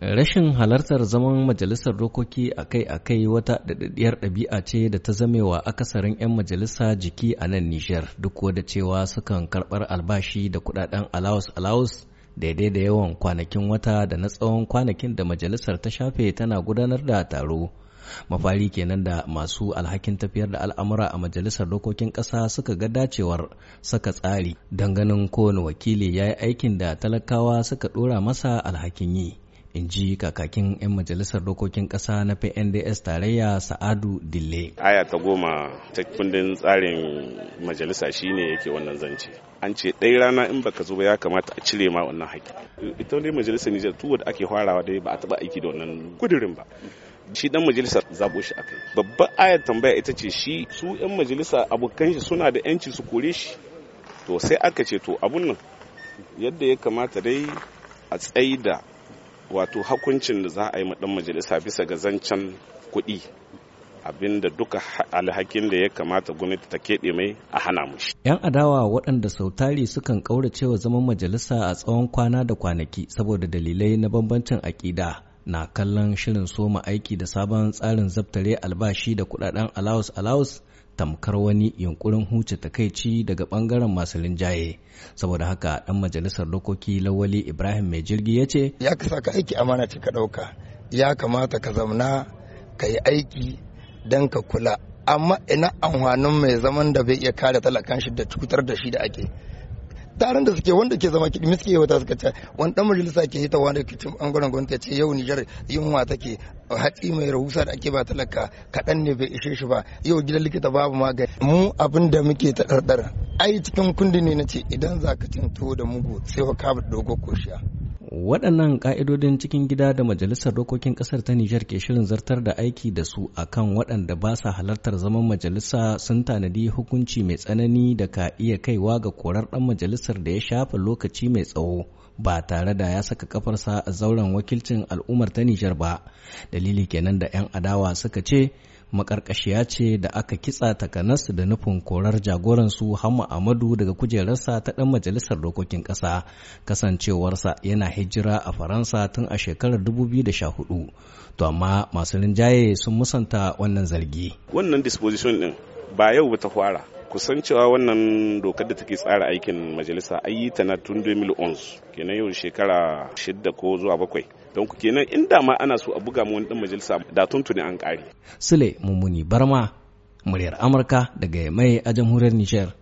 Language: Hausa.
Rashin halartar zaman majalisar dokoki akai-akai wata daɗaɗɗiyar ɗabi'a ce da ta zamewa akasarin 'yan majalisa jiki a nan Nijar duk da cewa sukan karɓar albashi da kuɗaɗen alawus-alawus daidai da yawan kwanakin wata da na tsawon kwanakin da majalisar ta shafe tana gudanar da taro. Mafari kenan da masu alhakin tafiyar da al'amura a majalisar dokokin ƙasa suka ga dacewar saka tsari don ganin kowane wakili ya yi aikin da talakawa suka ɗora masa alhakin yi. in ji kakakin 'yan majalisar dokokin ƙasa na pnds tarayya sa'adu dille aya ta goma ta kundin tsarin majalisa shine yake wannan zance an ce ɗaya rana in baka zo ba ya kamata a cire ma wannan haƙƙi ita wani majalisar nijar tuwo da ake farawa dai ba a taɓa aiki da wannan kudirin ba shi dan majalisa zabo shi akai babban ayar tambaya ita ce shi su yan majalisa abokan shi suna da yanci su kore shi to sai aka ce to abun nan yadda ya kamata dai a tsaida wato hakuncin da za a yi ma dan majalisa bisa ga zancen kuɗi abinda duka alhakin da ya kamata gwamnati ta keɗe mai a hana mu shi. 'Yan adawa waɗanda sautari sukan ƙauracewa zaman majalisa a tsawon kwana da kwanaki saboda dalilai na bambancin aƙida na kallon shirin soma aiki da sabon tsarin zabtare albashi da kuɗaɗen alaus-alaus. tamkar wani yunkurin huce takaici daga bangaren masu linjaye saboda haka dan majalisar dokoki lawali ibrahim mai jirgi ya ce ya ka aiki amana ce ka ɗauka ya kamata ka zamna ka yi aiki don ka kula amma ina amfanin mai zaman da bai iya kare talakan shi da cutar da shi da ake taron da suke wanda ke zama kiɗi suke wata suka ce wani ɗan majalisa ke hita wani kicin bangaren gwamnati ce yau Nijar yunwa take hatsi mai rahusa da ake ba talaka kaɗan ne bai ishe shi ba yau gidan likita babu magani mu abin da muke ta ɗarɗar ai cikin kundi ne na ce idan za ka cin tuwo da mugu sai wa ka dogo koshiya waɗannan ƙa'idodin cikin gida da majalisar dokokin ƙasar ta nijar ke shirin zartar da aiki da su a kan waɗanda ba sa halartar zaman majalisa sun tanadi hukunci mai tsanani da ka iya kaiwa ga korar ɗan majalisar da ya shafa lokaci mai tsawo ba tare da ya saka kafarsa a zauren wakilcin al'ummar ta nijar ba dalili kenan da 'yan adawa suka ce makarkashiya ce da aka kitsa takanas da nufin korar jagoransu Hamma Amadu daga kujerarsa ta ɗan majalisar dokokin ƙasa kasancewarsa yana hijira a Faransa tun a shekarar 2014 to amma masu rinjaye sun musanta wannan zargi wannan disposition din ba yau ba ta fara kusan cewa wannan dokar da take tsara aikin majalisa ayi ta na tun 2011 kenan yau shekara shidda ko zuwa bakwai don ku kenan inda ma ana so a buga mu wani dan majalisa da tuntuni an kare sule mummuni barma muryar amurka daga mai a jamhuriyar niger